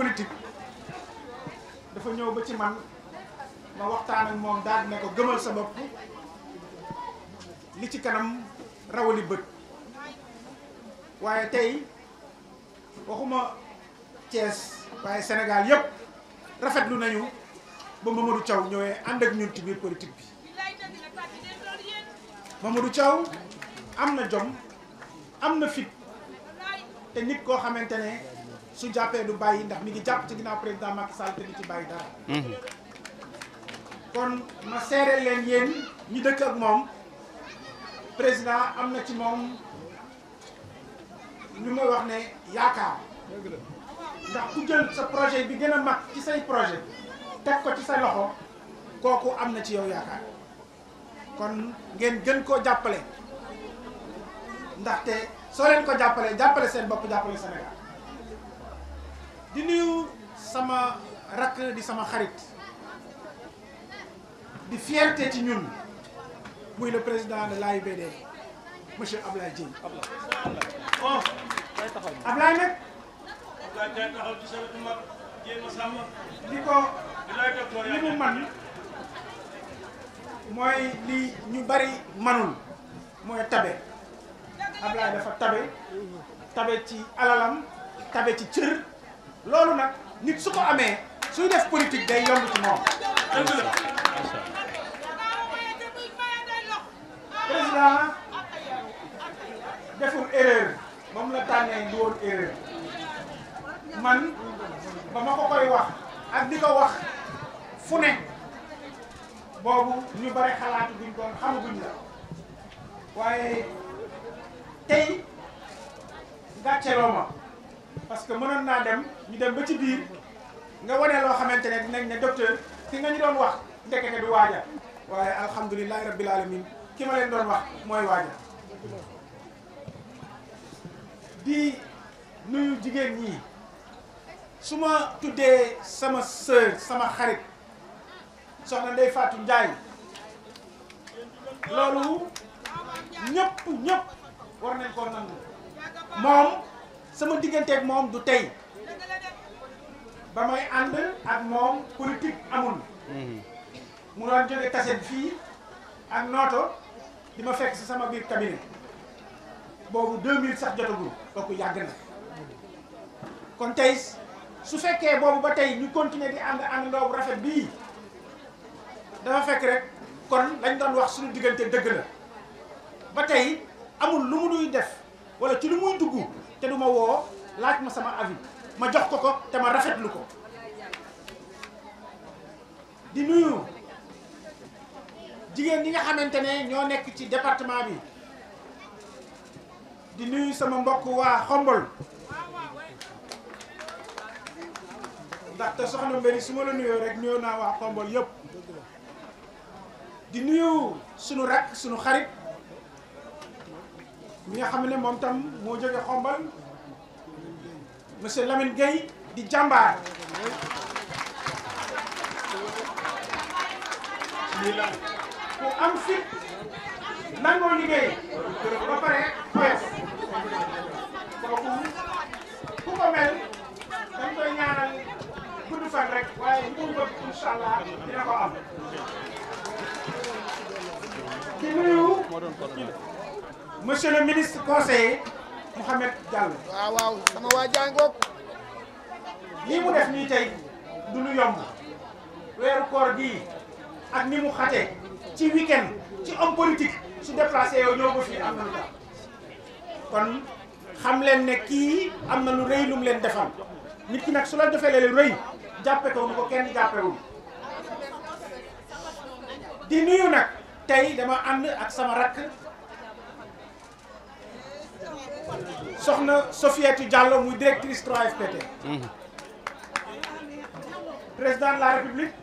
politique dafa ñëw ba ci man ma waxtaan ak moom daal ne ko gëmal sa bopp li ci kanam rawali bët waaye tey waxuma Thiès waaye Sénégal yëpp rafetlu nañu ba Mamadou Thiaw ñëwee ànd ak ñun ci biir politique bi Mamadou Thiaw am na jom am na fit te nit koo xamante ne su jàppee du bàyyi ndax mi ngi jàpp ci ginnaaw président Macky Sall te du ci bàyyi dara. kon ma seere leen yéen ñi dëkk ak moom président am na ci moom lu ma wax ne yaakaar ndax ku jël sa projet bi gën a mag ci say projet teg ko ci sa loxo kooku am na ci yow yaakaar kon ngeen gën koo jàppale ndaxte soo leen ko jàppale jàppale seen bopp jàppale Sénégal di nuyu sama rakk di sama xarit di fierté ci ñun muy le président de l'AIBD monsieur Ablaye Dièye. bon Ablaye nag. Ablaye taxaw ci ko li mu man mooy li ñu bari manul mooy tabe Ablaye dafa tabe tabe ci alalam tabe ci cër. loolu nag nit su ko amee suy def politique day yomb ci moom président deful erreur moom la tànnee du woon erreur man ba ma ko koy wax ak di ko wax fu ne boobu ñu bare xalaatu duñ doon xamaguñ la waaye tey gàcceloo parce que mënoon naa dem ñu dem ba ci biir nga wane loo xamante ne dinañ ne docteur ki nga ñu doon wax ndekete du waaja waaye alhamdulilahi rabbil alamin ki ma leen doon wax mooy waaja di nuyu jigéen ñi su ma tuddee sama sœur sama xarit soxna Ndeye fàttu njaay loolu ñëpp ñëpp war nañ koo nangu moom sama digganteeg moom du tey ba may ànd ak moom politique amul. mu doon jóge kaset fii ak nooto di ma fekk si sama biir cabinet boobu 2000 sax jotagul kooku yàgg na kon tey su fekkee boobu ba tey ñu continuer di ànd ànd loobu rafet bii dafa fekk rek kon lañ doon wax suñu diggante dëgg la ba tey amul lu mu nuy def wala ci lu muy dugg. te duma ma woo laaj ma sama avis ma jox ko ko te ma rafetlu ko di nuyu jigéen ñi nga xamante ne ñoo nekk ci département bi di nuyu sama mbokk waa Xombol ndaxte soxna Mbéri su ma la nuyoo rek nuyoo naa waa Xombol yëpp di nuyu sunu rakk sunu xarit. mi nga xam ne moom tam moo jóge xombal monsieur Lamine Gueye di jàmbaar ku am fit nangoo liggéey ba pare xoyof monsieur le ministre conseiller Mouhamed Diallo. waaw waaw sama waa jàngoog. lii mu def nii tey du lu yomb weeru koor bii ak ni mu xate ci weekend ci homme politique su déplacé yow ñoo ko fii am na lu kon xam leen ne kii am na lu rëy lu mu leen defal nit ki nag su la defalee lu rëy jàppe ko nu ko kenn jàppewul di nuyu nag tey dama ànd ak sama rakk. soxna Sofiatou Diallo muy directrice 3FPT. Mhm. président de la république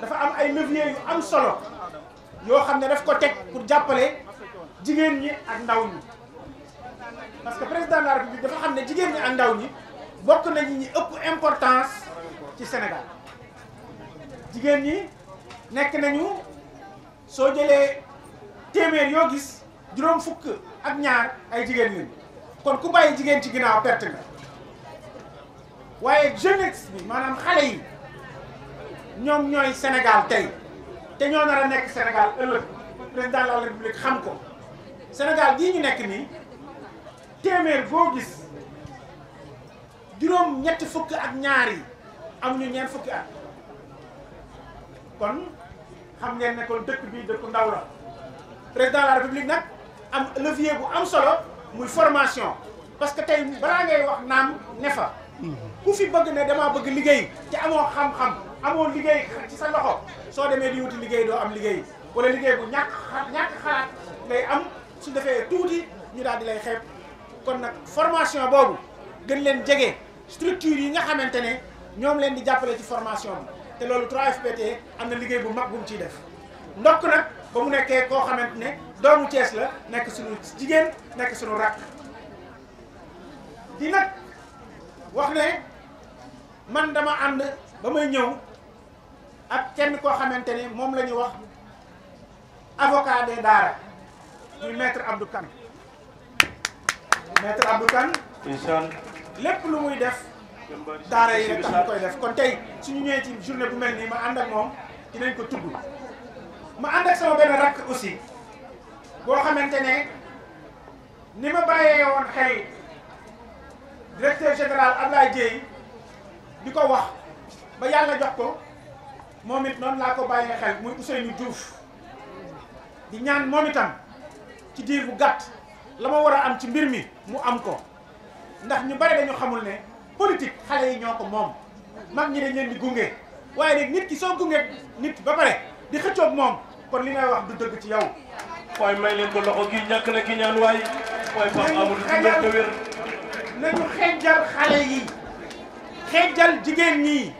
dafa am ay leviers yu am solo yoo xam ne daf ko teg pour jàppale jigéen ñi ak ndaw ñi. parce que président de la république dafa xam ne jigéen ñi ak ndaw ñi bokk nañu ñi ëpp importance ci Sénégal jigéen ñi nekk nañu soo jëlee téeméer yoo gis juróom fukk ak ñaar ay jigéen lañu. kon ku bàyyi jigéen ci ginnaaw perte nga waaye jeunesse bi maanaam xale yi ñoom ñooy Sénégal tey te ñoo nar a nekk Sénégal ëllëg président de république xam ko Sénégal gii ñu nekk nii téeméer boo gis juróom ñetti fukk ak ñaari yi amuñu ñeent fukki at kon xam ngeen ne dëkk bi dëkku ndaw la président de république nag am levier bu am solo. muy formation parce que tey balaa ngay wax naam ne fa ku fi bëgg ne damaa bëgg liggéey te amoo xam-xam amoo liggéey ci sa loxo soo demee di wuti liggéey doo am liggéey wala liggéey bu ñàkk ñàkk xalaat ngay am su defee tuuti ñu daal di lay xeeb kon nag formation boobu gën leen jege structure yi nga xamante ne ñoom leen di jàppale ci formation bi te loolu 3FPT am na liggéey bu mag bu mu ciy def ndokk nag ba mu nekkee koo xamante ne doomu Cees la nekk suñu jigéen nekk suñu rakk di nag wax ne man dama ànd ba may ñëw ak kenn koo xamante ne moom la ñuy wax avocat des daara muy maître Abdou Kane maître Abdou Kane insaan lépp lu muy def daara yi rek tax mu koy def kon tey suñu ñëwee ci journée bu mel nii ma ànd ak moom dinañ ko tudd ma ànd ak sama benn rakk aussi boo xamante ne ni ma bàyyee woon xel directeur général Abdoulaye Dièye di ko wax ba yàlla jox ko moom it noonu laa ko bàyyee xel muy Ousseynou Diouf di ñaan moom itam ci diir bu gàtt la ma war a am ci mbir mi mu am ko ndax ñu bari dañu xamul ne politique xale yi ñoo ko moom mag ñi dañ leen di gunge waaye nag nit ki soo gunge nit ba pare di xëccoog moom kon li ngay wax du dëgg ci yow waaye may leen ko loxo gi ñàkk na ki ñaan waay waaye Pape Amadou dundal ko wér nañu xeejal xale yi xeejal jigéen ñi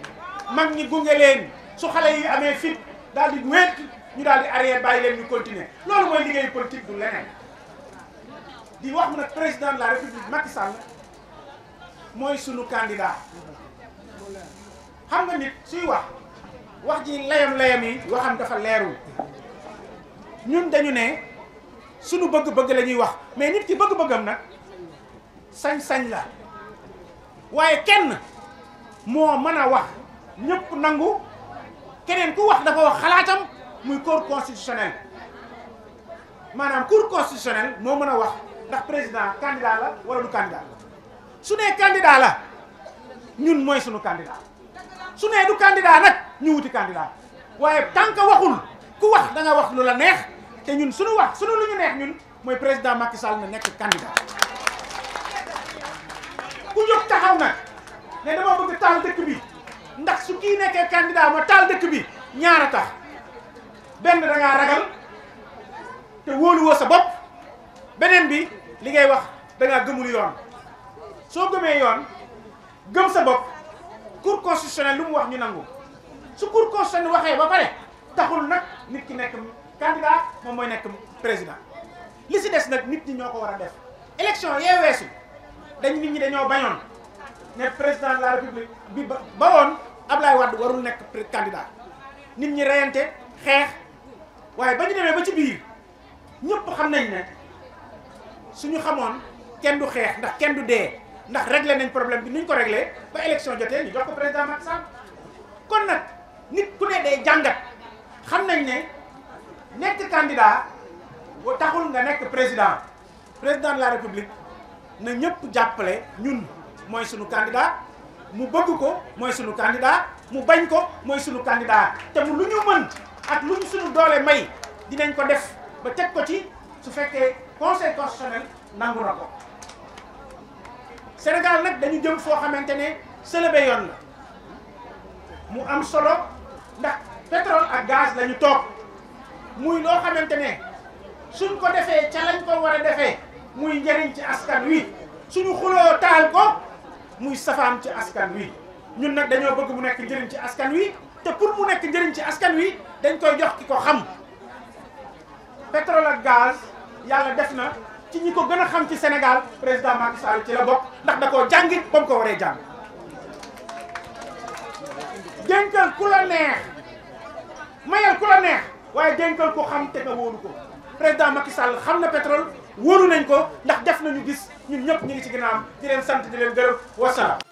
mag ñi gunge leen su xale yi amee fit daal di wéet ñu daal di arrière bàyyi leen ñu continuer loolu mooy liggéeyu politique du leneen di wax nag président de la république Macky Sall mooy sunu candidat xam nga nit suy wax wax ji layam layam yi waxam dafa leerul ñun dañu ne sunu bëgg-bëgg la ñuy wax mais nit ki bëgg-bëggam nag sañ-sañ la waaye kenn moo mën a wax ñëpp nangu keneen ku wax dafa wax xalaatam muy cour constitutionnel maanaam cour constitutionnel moo mën a wax ndax président candidat la wala du candidat la su nee candidat la ñun mooy sunu candidat su nee du candidat nag ñu wuti candidat waaye tant que waxul ku wax danga nga wax lu la neex te ñun suñu wax suñu lu ñu neex ñun mooy président Macky Sall na nekk candidat ku jóg taxaw nag ne dama bëgg taal dëkk bi ndax su kii nekkee candidat ma taal dëkk bi ñaara tax benn da ngaa ragal te wóoluwoo sa bopp beneen bi li ngay wax dangaa gëmul yoon soo gëmee yoon gëm sa bopp cour constitutionnelle lu mu wax ñu nangu su cour constitutionnelle waxee ba pare taxul nag nit ki nekk candidat moom mooy nekk président li si des nag nit ñi ñoo ko war a def élection yee weesu dañ nit ñi dañoo bañoon ne président la république bi ba ba woon Ablaye Wade warul nekk candidat nit ñi reyante xeex waaye ba ñu demee ba ci biir ñëpp xam nañ ne suñu xamoon kenn du xeex ndax kenn du dee ndax réglé nañ problème bi nuñ ko réglé ba élection jotee ñu jox ko président Macky Sall kon nag nit ku ne day jàngat xam nañ ne. nekk candidat bu taxul nga nekk président président de la république na ñëpp jàppale ñun mooy sunu candidat mu bëgg ko mooy sunu candidat mu bañ ko mooy sunu candidat te mu lu ñu mën ak lu ñu sunu doole may dinañ ko def ba teg ko ci su fekkee conseil constitutionnel nangu na ko Sénégal nag dañu jëm foo xamante ne sëlëbe yoon la mu am solo ndax pétrole ak gaz la ñu toog muy loo xamante ne suñ ko defee ca lañ ko war a defee muy njëriñ ci askan wi suñu xuloo taal ko muy safaam ci askan wi ñun nag dañoo bëgg mu nekk njëriñ ci askan wi te pour mu nekk njëriñ ci askan wi dañ koy jox ki ko xam pétrole ak gaz yàlla def na ci ñi ko gën a xam ci Sénégal président Macky Sall ci la bokk ndax da koo jàngit ba ko waree jàng dénkal ku la neex mayal ku la neex waaye dénkal ko xam te nga wóolu ko président Macky Sall xam na pétrole wóolu nañ ko ndax def nañu gis ñun ñëpp ñu ngi ci ginnaam di leen sant di leen gërëm wasalaam